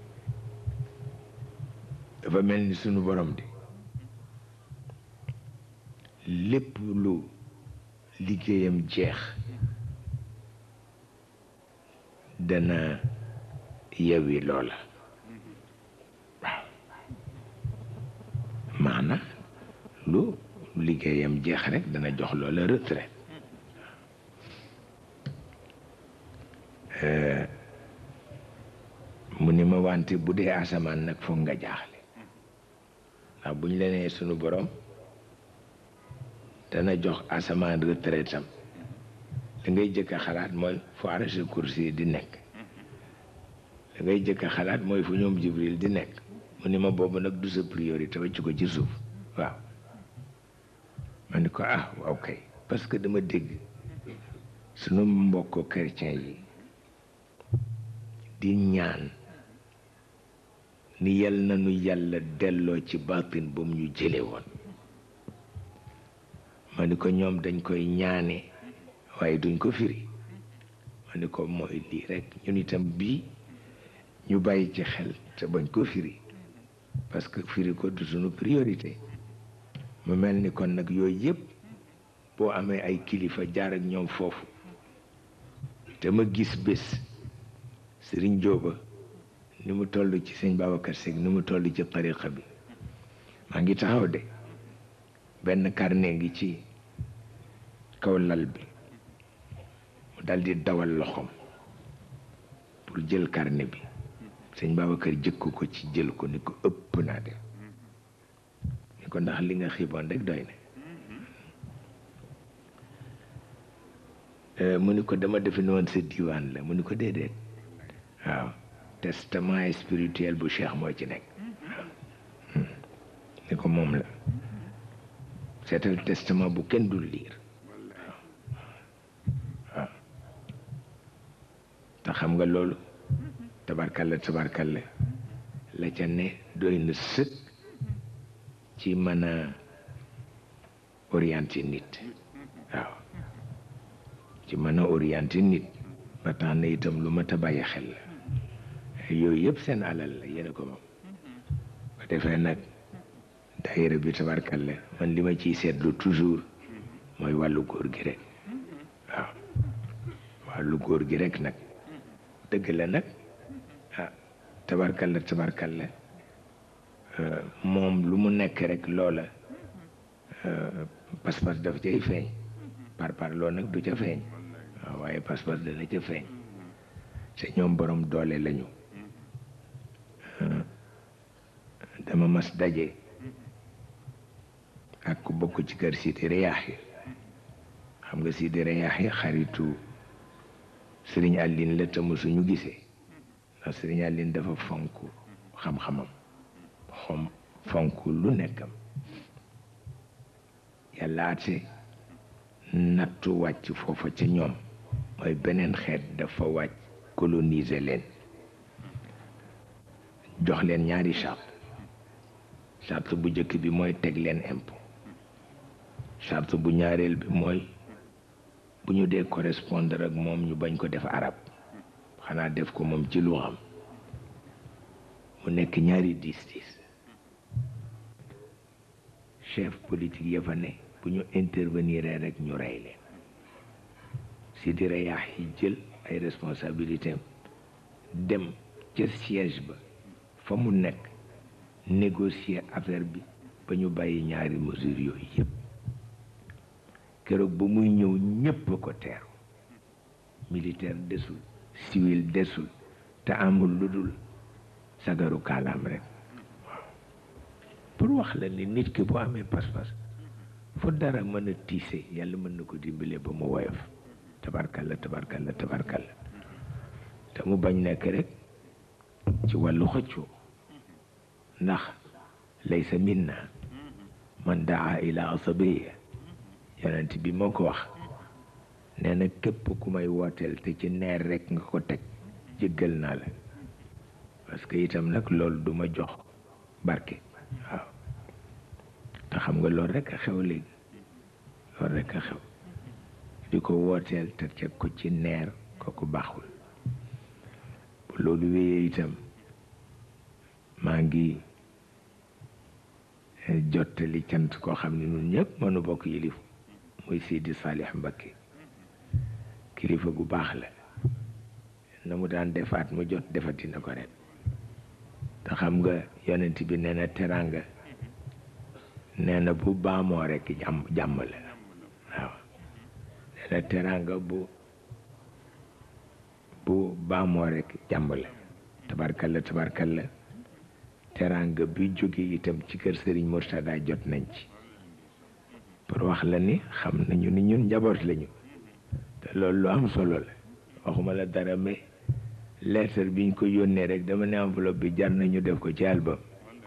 dafa mel ni sunu borom di lépp lu liggéeyam jeex dana yewwi loola waaw maana lu liggéeyam jeex rek dana jox loola retraite eh, mu ni ma wante bu dee asamaan nag foog nga jaaxle ndax buñ la nee sunu borom dana jox asamaan retraite am dangay jëkk xalaat mooy fu arrêté kursi di nekk da jëkk xalaat mooy fu ñoom jibril di nekk mu ni ma boobu nag du sa priorité ci ko ci suuf waaw ma ni ko ah waaw kay parce que dama dégg sunu mbokk chrétien yi di ñaan ni yal na nu yàlla delloo ci baatin ba mu ñu jële woon ma ni ko ñoom dañ koy ñaane waaye duñ ko firi ma ni ko mooy lii rek ñun itam bii ñu bàyyi ci xel te bañ ko firi parce que firi ko du suñu priorité mu mel ni kon nag yooyu yëpp boo amee ay kilifa jaar ak ñoom foofu te ma gis bés sëriñ Jóoba ni mu toll ci sëñ Babacar Seck ni mu toll ci tariqa bi maa ngi taxaw de benn carnet ngi ci kaw lal bi daldi dawal loxoom pour jël carnet bi sëñ Babacar jëkku ko ci jël ko ni ko ëpp naa de ni ko ndax li nga xiiboon rek doy na euh, mu ni ko dama defe noon sa diwaan la mu ni ko déedéet waaw testament spirituel bu cheikh mooy ci nekk hmm. ni ko moom la seetal testament bu kenn dul liir te xam nga loolu tabarkalla tabarkalla la ca ne doy na sëkk ci mën a orienté nit mën a orienté nit ba tax na itam lu mat a bàyyi xel la yooyu yëpp seen alal la yéen ko moom ba defee nag daayira bi tabarkalla man li ma ciy seetlu toujours mooy wàllu góor gi rek waaw wàllu góor gi rek nag dëgg la nag ah tabarkalla la euh, moom lu mu nekk rek loola euh, pas-pas daf cay feeñ par par nag du ca feeñ waaw ah, waaye pas da na ca feeñ te ñoom borom doole lañu euh, dama mas daje ak ku bokk ci kër Sidi Riyaaxi xam nga Sidi Riyaaxi xaritu sëriñ Aline la tamu suñu gisee ndax sëriñ Aline dafa fonk xam-xamam xom fonk lu nekkam yàllaate nattu wàcc foofa ci ñoom mooy beneen xeet dafa wàcc coloniser leen jox leen ñaari charte charte bu njëkk bi mooy teg leen impôt charte bu ñaareel bi mooy bu ñu dee correspondre ak moom ñu bañ ko defa arab xanaa def ko moom ci lu xam mu nekk ñaari diis diis chef politique ya fa ne bu ñu intervenir rek ñu rey leen si di reyax yi jël ay responsabilité dem ca siège ba fa mu nekk négocier affaire bi ba ñu bàyyi ñaari mesure yooyu yëpp keroog ba muy ñëw ñépp ko teeru militaire desul civil desul te amul lu dul sagaru kaalaam rek pour wax la ni nit ki bu amee pas-pas fu dara mën a tiise yàlla mën na ko dimbale ba mu woyof tabarkalla tabarkalla tabarkalla te mu bañ nekk rekk ci wàllu xëccoo ndax laysa minna man daa ila asabiya yonent bi moo ko wax nee nag képp ku may wooteel te ci neer rekk nga ko teg jëggal naa la parce que itam nag loolu duma jox barke waaw te xam nga lool rekk a xew léegi loolu rekk a xew di ko wooteel te teg ko ci neer koo kooku baaxul bu loolu wéyee itam maa ngi eh, jottali cant koo xam ne ñun ñëpp mënu bokk yilif muy Sidi Salih Mbacké kilifa gu baax la na mu daan defaat mu jot defati na ko ren te xam nga yonent bi nee na teranga na bu baamoo rek jàmm la waaw nee na teranga bu bu baamoo rek jàmm la tabarkalla tabarkalla teranga bi jóge itam ci kër Serigne Mourtada jot nañ ci pour wax la ni xam nañu ni ñun njaboot lañu te loolu lu am solo la waxuma la dara mais lettre biñ ko yónnee rek dama ne enveloppe bi jar nañu def ko ci album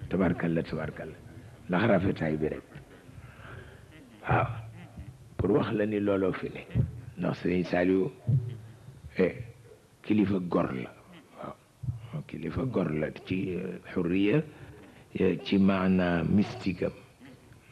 tabarkalla tabarkalla ndax rafetaay bi rek waaw pour wax la ni looloo fi ne ndax sëriñ Saliou eh, kilifa gor la waaw kilifa gor la ci eh, xurriya eh, ci maana mystique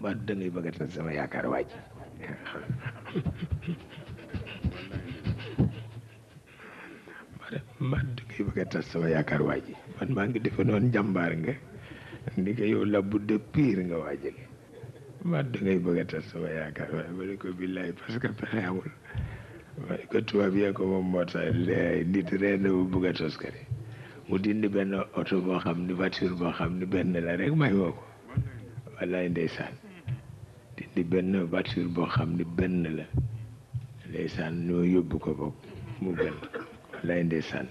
ba da bëgg a tas sama yaakaar waaj ma sama yaakaar waaj man maa ngi defe noonu jàmbaar nga ni ko yow labbu de pire nga waajale ma da ngay bëgg a tas sama yaakaar waaj ma ne ko billaay parce que pexe ko tubaab yee ko moom moo tax nit reen bu bëgg a tos kare mu dindi benn oto boo xam ni voiture boo xam ni benn la rek may woo ko wallaay ndeysaan di benn voiture boo xam ni benn la ndeysaan ñoo yóbbu ko bopp mu gën lay ndeysaan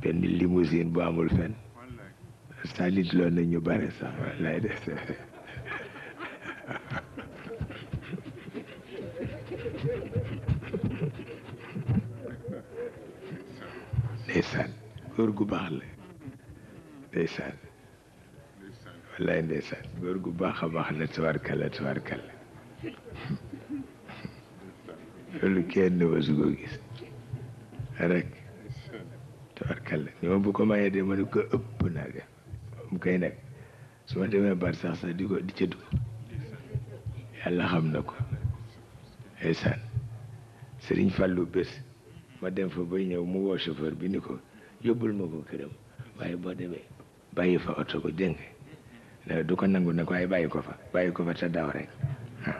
benn limousine bu amul fen salit loo na ñu bare sax lay des ndeysaan góor gu baax la ndeysaan wallaay ndeysaan góor baax a baax la tabarkalla tabarkalla loolu kenn wasu ko gis rek tabarkalla ni ma bu ko mayee de ma ne ko ëpp naa de mu koy nag su ma demee bar sax sax di ko di ca dugg yàlla xam na ko ndeysaan sëriñ fàllu bés ma dem fa bay ñëw mu woo chauffeur bi ni ko yóbbul ma ko këram waaye boo demee bàyyi fa oto ba dégg Eh, du ko nangu ko ay bàyyi ko fa bàyyi ko fa te daw rek waaw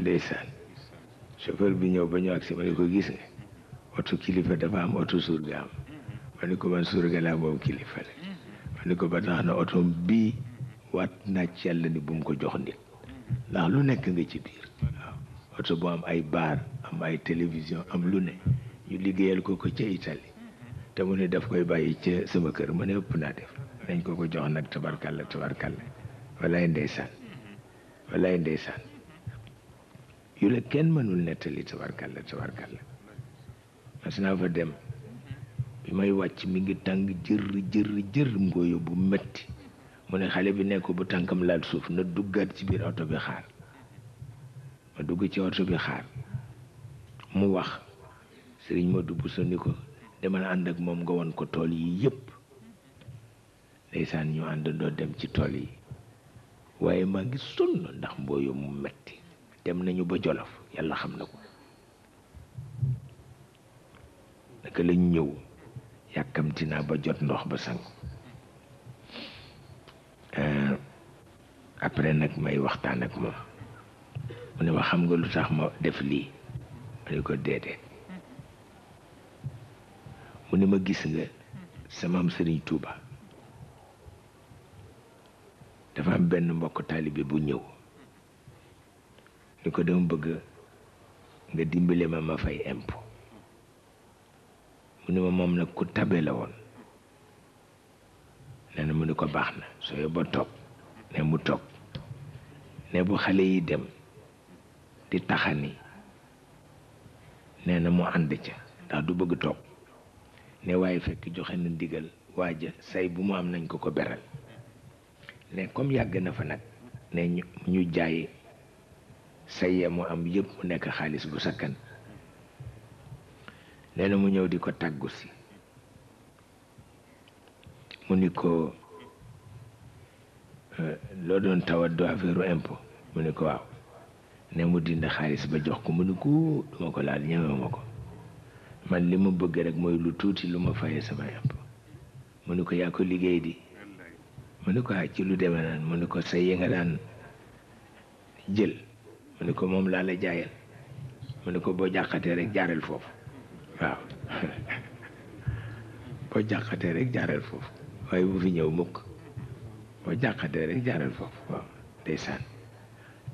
ndeysaan chauffeur bi ñëw ba ñëw ak si ma ne ko gis nga oto kilifa dafa am oto surga am ma ne ko man surga laa moom kilifa la ma ne ko ba tax na oto bii waat naa ci yàlla ni bu mu ko jox nit ndax lu nekk nga ci biir oto bu am ay baar am ay télévision am lu ne ñu liggéeyal ko ko ca Italie te mu ne daf koy bàyyi ca sama kër ma ne ëpp naa def dañ ko ko jox nag tabarkalla tabarkalla walaay ndeysaan walaay ndeysaan yu la kenn mënul nettali tabarkalla tabarkalla mas naa fa dem bi may wàcc mi ngi tàng jër jër jër bu metti mu ne xale bi nekk bu tànkam laal suuf na duggaat ci biir oto bi xaar ma dugg ci oto bi xaar mu wax sëriñ ma dubb sa ni ko demal ànd ak moom nga won ko tool yi yëpp ndeysaan ñu àndandoo dem ci tool yi waaye maa ngi sonn ndax mbooyu mu metti dem nañu ba jolof yàlla xam na ko naka lañ ñëw yàkkamti naa ba jot ndox ba sangu eh, après nag may waxtaan ak moom mu ne ma xam nga lu tax ma def lii ma ne ko déedéet mu ne ma gis nga samaam Sëriñ Tuuba dafa am benn mbokk taalibe bu ñëw ni ko dama bëgg nga dimbale ma ma fay impôt mu ne ma moom nag ku tabe la woon nee na mu ne ko baax na soo yóbba toog ne mu toog ne bu xale yi dem di taxani nee na mu ànd ca ndax du bëgg toog ne waaye fekk joxe na ndigal ja say bu mu am nañ ko ko beral ne comme yàgg na fa nag ne ñu jaay sa yee mu am yëpp mu nekk xaalis bu sakkan nee na mu ñëw di ko tàggu si mu ni ko euh, loo doon tawat du affaire u mu ni ko waaw ne mu dindi xaalis ba jox ko mu ni ko duma ko laal ñemewu ma ko man li ma bëgg rek mooy lu tuuti lu ma faye sama impôt mu ni ko yaa ko liggéey di mu ni ko ci lu demee naan mu ni ko sa yi nga daan jël mu ni ko moom laa la jaayal mu ni ko boo jàqatee rek jaareel foofu waaw boo rek jaareel foofu waaye bu fi ñëw mukk boo jàqatee rek jaareel foofu waaw ndeysaan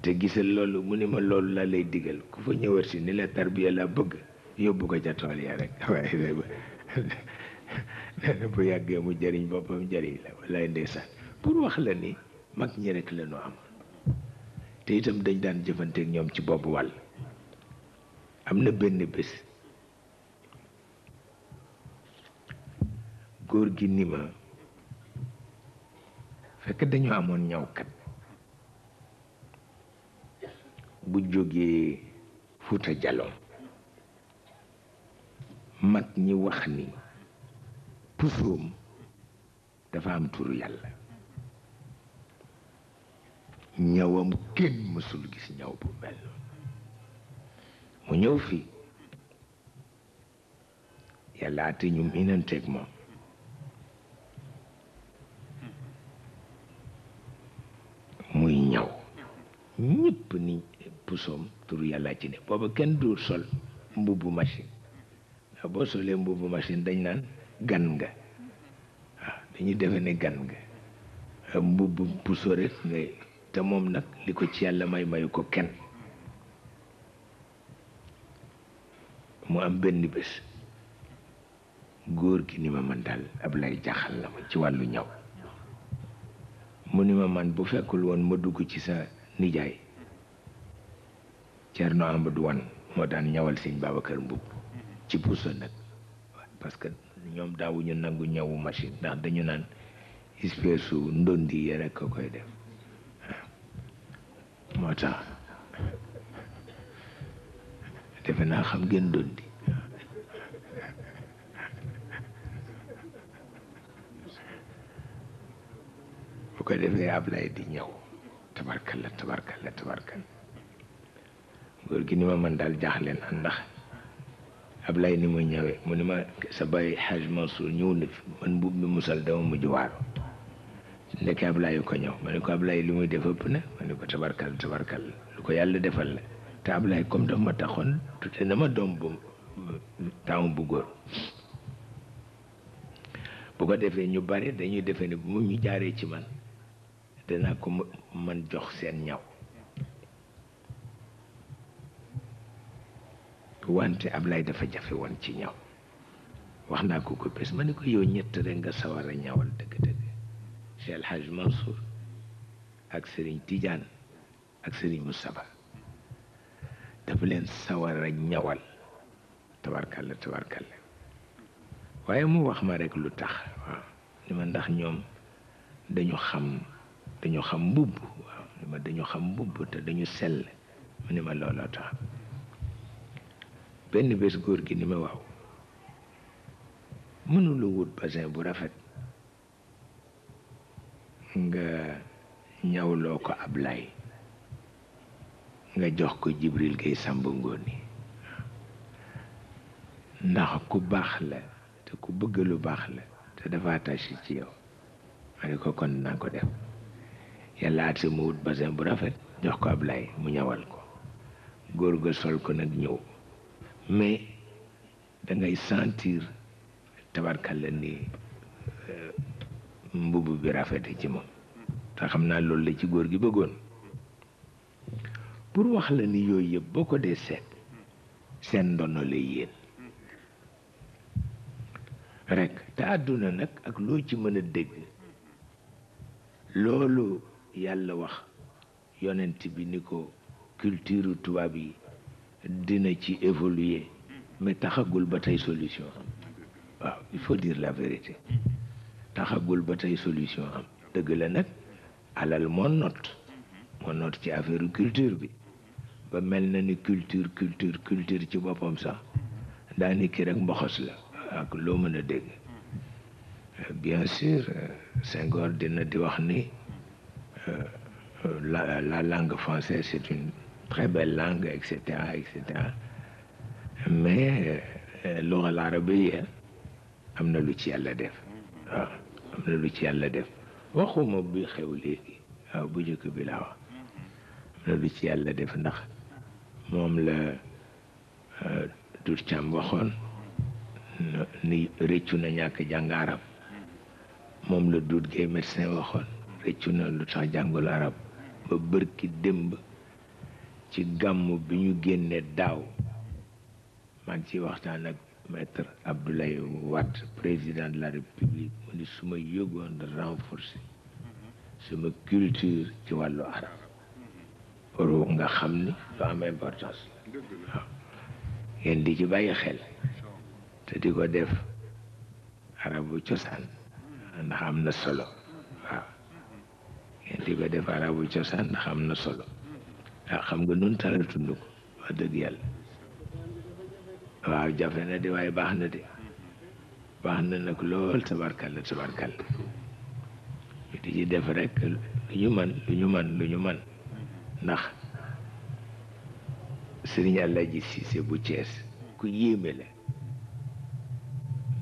te gisal loolu mu ni ma loolu la lay diggal ku fa ñëwër si ni la tarbiya la bëgg yóbbu ko ca tool ya rek bu yàggee mu jariñ boppam jëriñ la wallaay ndeysaan pour wax la ni mag ñi rek la ñu am te itam dañ daan jëfanteek ñoom ci bopp wàll am na benn bés góor gi ni ma fekk dañu amoon ñawkat bu jógee Fuuta Jaloo mag ñi wax ni pusoom dafa am tur yàlla ñawam kenn mësul gis ñëw bu mel mu ñëw fii yàlla ate ñu miinanteeg moom muy ñaw ñëpp ni pusoom turu yàlla ci ne kenn du sol mbubbu machine ndax solee mbubbu machine dañ naan gan nga waaw dañuy defe ne gan nga mbubb puso rek ngay te moom nag li ko ci yàlla may mayu ko kenn mu am benn bés góor gi ni ma man daal ab lay jaxal la ma ci wàllu ñaw mu ni ma man bu fekkul woon ma dugg ci sa nijaay Cerno Amadou Wan moo daan ñawal sëñ Babacar Mbubb ci puso nag parce que ñoom daawuñu nangu ñawu machine ndax dañu naan espèce su ndondi yi rek koy def moo tax defe naa xam ngeen ndondi bu ko defee Ablaye di ñaw tabarkalla tabarkalla tabarkalla góor gi ni ma man daal jaaxle na ndax Ablaye ni mu ñëwee mu ni ma sa bàyyi Hadj Mansour ñëw na fi man mbubb mi musal dama mujj waaru ndeke Ablaye ko ñëw ma ne ko Ablaye li muy def ëpp na ma ne ko tabarkal tabarkal lu ko yàlla defal la te Ablaye comme daf ma taxoon tuuti na doom bu taamu bu ko defee ñu bari dañuy defee ne bu mu ñu jaaree ci man danaa ko man jox seen ñaw wante Ablaye dafa jafe won ci ñaw waxna ko ko bés mané ko yow ñett rek nga sawara nawal deug deug Cheikh El Hadj Mansour ak Serigne Tidiane ak Serigne Moustapha dafa len sawara ñawal tabarkalla tabarkalla waye mu wax ma rek lu tax ni ma ndax ñom dañu xam dañu xam mbubb ni ma dañu xam mbubb te dañu sel ni ma lolo tax benn bés góor gi ni ma waaw mënuloo wut basin bu rafet nga ñawloo ko Ablaay nga jox ko Jibril Gay Sàmb Ngooni ndax ku baax la te ku bëgg lu baax la te dafa attaché ci yow ma ne ko kon naa ko def yàlla at si mu wut basin bu rafet jox ko Ablaay mu ñawal ko góor ga sol ko nag ñëw mais da ngay sentir tabarkalla ni euh, mbubb bi rafete ci moom te xam naa loolu la ci góor gi bëggoon pour wax la ni yooyu yëpp boo ko dee seet seen ndono lay yéen rekk te àdduna nag ak loo ci mën a dégg loolu yàlla wax yonent bi ni ko culture tubaab yi dina ci évoluer mais taxagul ba solution am il faut dire la vérité taxagul ba tey solution am dëgg la nag alal moo not moo not ci affaire culture bi ba mel na ni culture culture culture ci boppam sax daani ki rek mboxos la ak loo mën a bien sûr Senghor dina di wax ni euh, la langue française c'est une très belle langue, etc., etc. mais luxa laaraba yi am na lu ci yàlla def waaw ah, am na lu ci yàlla def waxuma bi xew léegi waaw ah, bu njëkk bi laa wax am na lu ci yàlla def ndax moom la euh, Dur Thiam waxoon rëccu na ñàkk jàng moom la Doudou waxoon rëccu na lu tax jàngul arab ba bërki démb ci gàmm bi ñu génnee daaw maa ngi ciy waxtaan ak maître Abdoulaye wat président de la république mu ni su ma yëgoon renforcer suma culture ci wàllu arab pour nga xam ni lu am importance waaw ngeen di ci bàyyi xel te di ko def arabu cosaan ndax am na solo waaw ngeen di ko def arabu cosaan ndax am na solo waaw xam nga nun tara tund ko wax dëgg yàlla waaw jafe na de waaye baax na de baax na nag lool tabarkalla tabarkalla ñu di ci def rek lu ñu man lu ñu man lu ñu man ndax sëriñ bu Cees ku yéeme la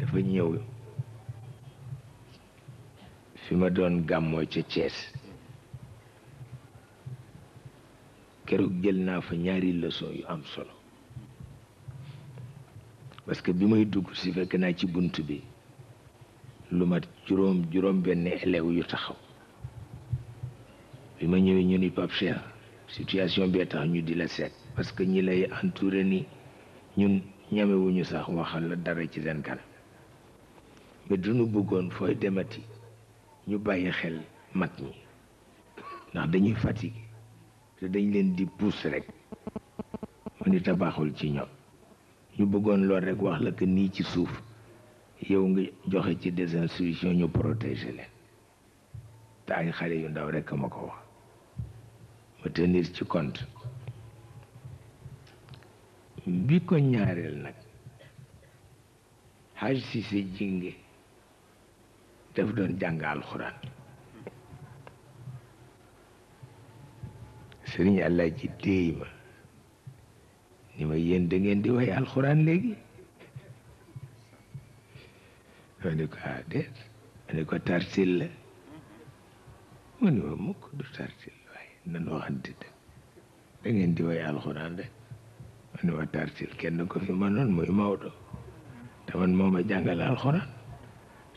dafa ñëw fi ma doon gàmmoo ca Cees keroog jël naa fa ñaari leçon yu am solo parce que bi may dugg si fekk naa ci bunt bi lu mat juróom juróom benn élève yu taxaw bi ma ñëwee ñu ni Pape Cheikh situation bee tax ñu di la seet parce que ñi lay entouré ni ñun ñamewuñu sax waxal la dara ci seen kanam mais duñu bëggoon fooy demati ñu bàyyi xel mag ñi ndax dañuy fatigué te dañ leen di pousse rek mu ni tabaxul ci ñoom ñu bëggoon lool rek wax la que nii ci suuf yow nga joxe ci des institutions ñu protéger leen te ay xale yu ndaw rek ma ko wax ma tenir ci kont bi ko ñaareel nag xaaj si sa jinge daf doon jàng alxuraan sëriñ Alla ji déey ma ni ma yéen da ngeen di way alxuraan léegi ma ne ko ah déet ma ne ko tartil la mu ni ma mukk du tartil waaye nan waxante dëgg da ngeen di way alxuraan rek ma ni ma tartil kenn ko fi manoon muy Maodo te man moo ma jàngal alxuraan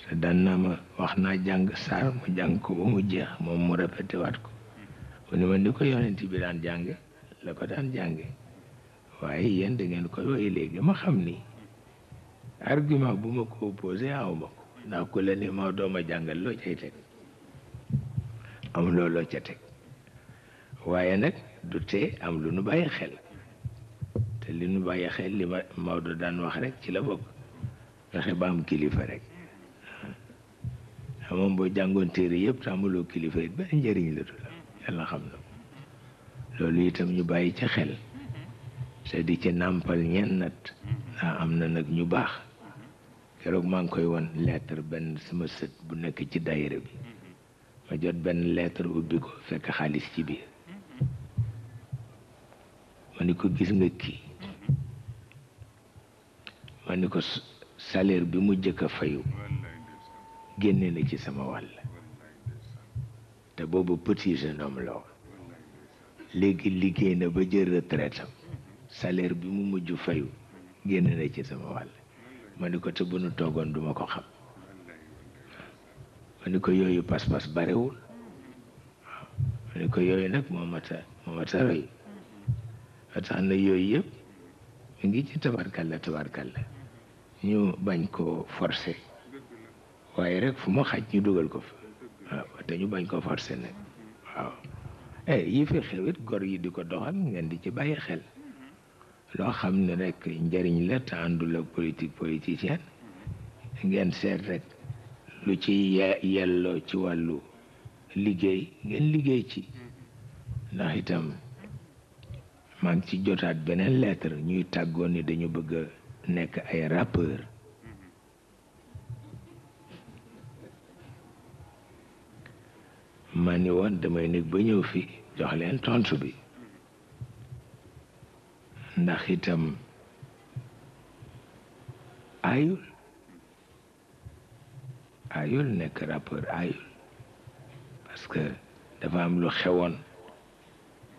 te daan naa ma wax naa jàng saar mu jàng ko ba mu jeex moom mu répété waat ko mu ne ma ni ko yonent bi daan jànge la ko daan jànge waaye yéen da koy woy léegi ma xam ni argument bu ma ko opposé aw ma ko ndax ku la ni ma jàngal loo cay teg am ca teg waaye nag du tee am lu nu bàyyi xel te li nu bàyyi xel li ma Maodo daan wax rek ci la bokk fexe ba am kilifa rek moom boo jàngoon téere yëpp te amuloo kilifa it benn njëriñ la du la yalla xam na ko loolu itam ñu bàyyi ca xel te di ca nàmpal ñen nat naa am na nag ñu baax keroog maa ngi koy won lettre benn sama sët bu nekk ci daayira bi ma jot benn lettre ubbi ko fekk xaalis ci biir ma ni ko gis nga kii ma ni ko salaire bi mu jëkk a fayu génne na ci sama wàll te boobu petit jeune homme la léegi liggéey na ba jël retraite salaire bi mu mujj fayu génn na ci sama wàll ma ni ko te bu nu toogoon duma ko xam ma ni ko yooyu pas-pas barewul waaw ma ni ko yooyu nag moom mat a moo mat a roy ba tax na yooyu yëpp mu ngi ci tabarkalla tabarkalla ñu bañ ko forcer waaye rek fu ma xaj ñu dugal ko fa waaw te ñu bañ koo forcer nag waaw eh, yi fi xewit gor yi di ko doxal ngeen di ci bàyyi xel loo xam ne rekk njëriñ la te àndul ak ngeen seet rekk lu ci yelloo ci wàllu liggéey ngeen liggéey ci ndax itam maa ngi ci jotaat beneen lettre ñuy tàggoon ni dañu bëgg nekk ay rappeur ma ni woon damay nekk ba ñëw fi jox leen tontu bi ndax itam ayul ayul nekk rappeur ayul parce que dafa am lu xewoon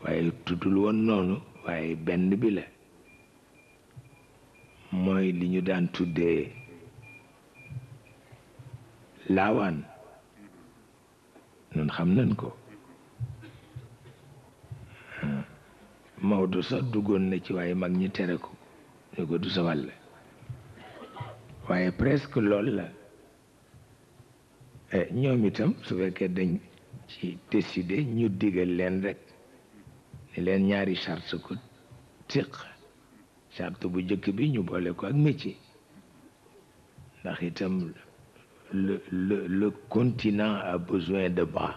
waaye tuddul woon noonu waaye benn bi la mooy li ñu daan tuddee laawaan nun xam nañ ko Maodo sax duggoon na ci waaye mag ñi tere ko ñu ko du sa wàll waaye presque lool la eh, ñoom itam su fekkee dañ ci décider ñu digal leen rek ne leen ñaari charte ko tiq charte bu jëkk bi ñu boole ko ak métier ndax itam le, continent a besoin de bas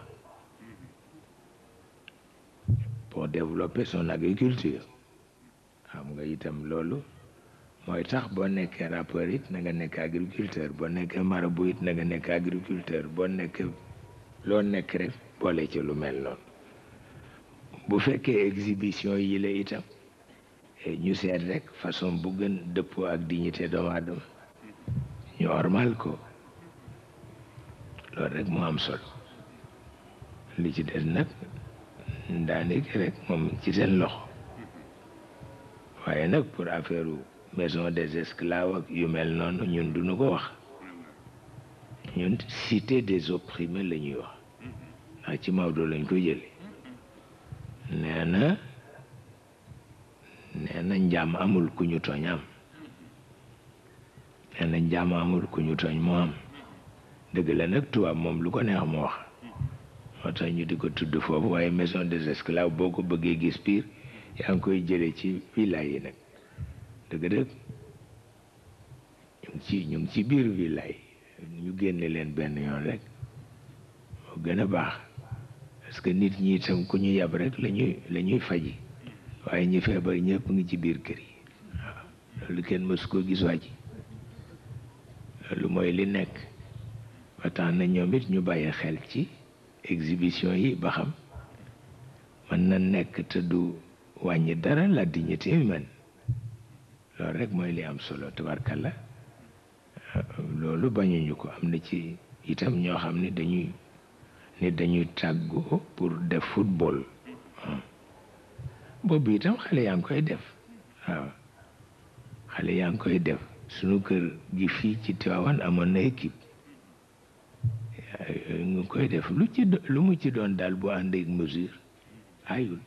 pour développer son agriculture Moi, nga itam loolu tax agriculteur un marabout, gens qui agriculteur un nekkee loo rek ci lu mel bu exhibition yi la itam eh, ñu rek façon dignité loolu rek moo am solo li ci des nag daanaka rek moom ci seen loxo waaye nag pour affaire maison des esclaves ak yu mel noonu ñun duñu ko wax ñun cité des opprimés la ñuy wax ndax ci Maodo lañ ko jële nee na nee na njaam amul ku ñu tooñ am nee na amul ku ñu tooñ moo am dëgg la nag tubaab moom lu ko neex mu wax moo tax ñu di ko tudd foofu waaye maison des esclaves boo ko bëggee gis biir yaa ngi koy jële ci village yi nag dëgg-dëgg ñu ngi ci ñu ci biir willay ñu génne leen benn yoon rek moo gën a baax parce que nit ñi itam ku ñu yab rek lañuy la ñuy faji waaye ñi feebar ñëpp ngi ci biir kër yi waaw loolu kenn mësu ko gis waa ji loolu mooy li nekk ba na ñoom it ñu bàyyi xel ci exhibition yi ba xam mën na nekk te wàññi dara la dignité humaine loolu rek mooy li am solo la loolu bañuñu ko am na ci itam ñoo xam ne dañuy ni dañuy tàggoo pour def hmm. bob bi itam xale yaa ngi koy def waaw xale yaa ngi koy def sunu kër gi fii ci Tivaouane amoon na équipe nga koy def lu ci lu mu ci doon daal bu ànd ak mesure ayul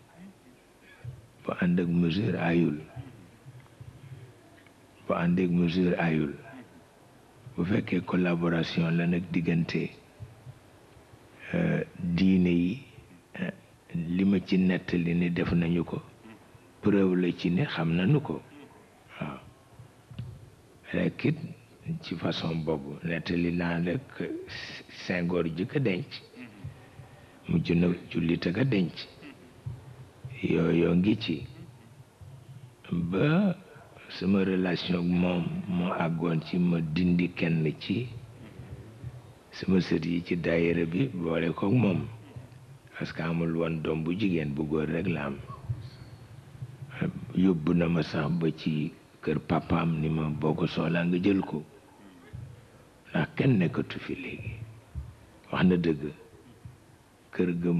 bu ànd ak mesure ayul bu ànd ak mesure fekkee collaboration la nag diggante euh, diine yi euh, li ma ci nettali ni def nañu ko preuve la ci ne xam nañu ko waaw ci façon boobu nettali naa rek Senghor jëkk a denc mujj na jullit ak a denc yooyu ngi ci ba sama relation ak moom moo àggoon ci ma dindi kenn ci sama sët yi ci daayira bi boole kook moom parce amul woon doom bu jigéen bu góor rek la am yóbbu na ma sax ba ci kër papaam ni ma boo ko soxlaa nga jël ko ndax kenn nekkatu fi léegi wax na dëgg kër ga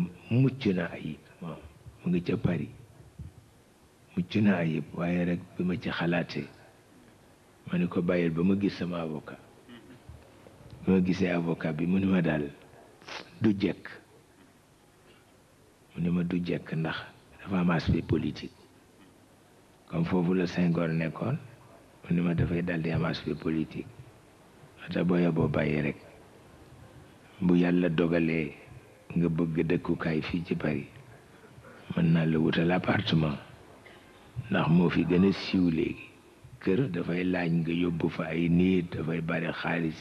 mucc na ayib moom mu ngi ca Paris mucc na ayib waaye rek bi ma ci xalaatee ma ni ko bàyyil ba ma gis sama avocat bi ma gisee avocat bi mu ni ma daal du jekk mu ni ma du jekk ndax dafa am aspect politique comme foofu la Senghor nekkoon mu ni ma dafay daal di am aspect politique te booya boo bàyyi rek bu yàlla dogalee nga bëgg dëkkukaay fii ci Paris mën naa la wutal appartement ndax moo fi gën a siiw léegi kër dafay laaj nga yóbbu fa ay nit dafay bari xaalis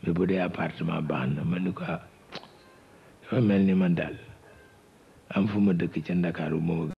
mais bu dee appartement baax na ma ni ko ah, dafa mel ni man daal am fu ma dëkk ca Ndakaaru moom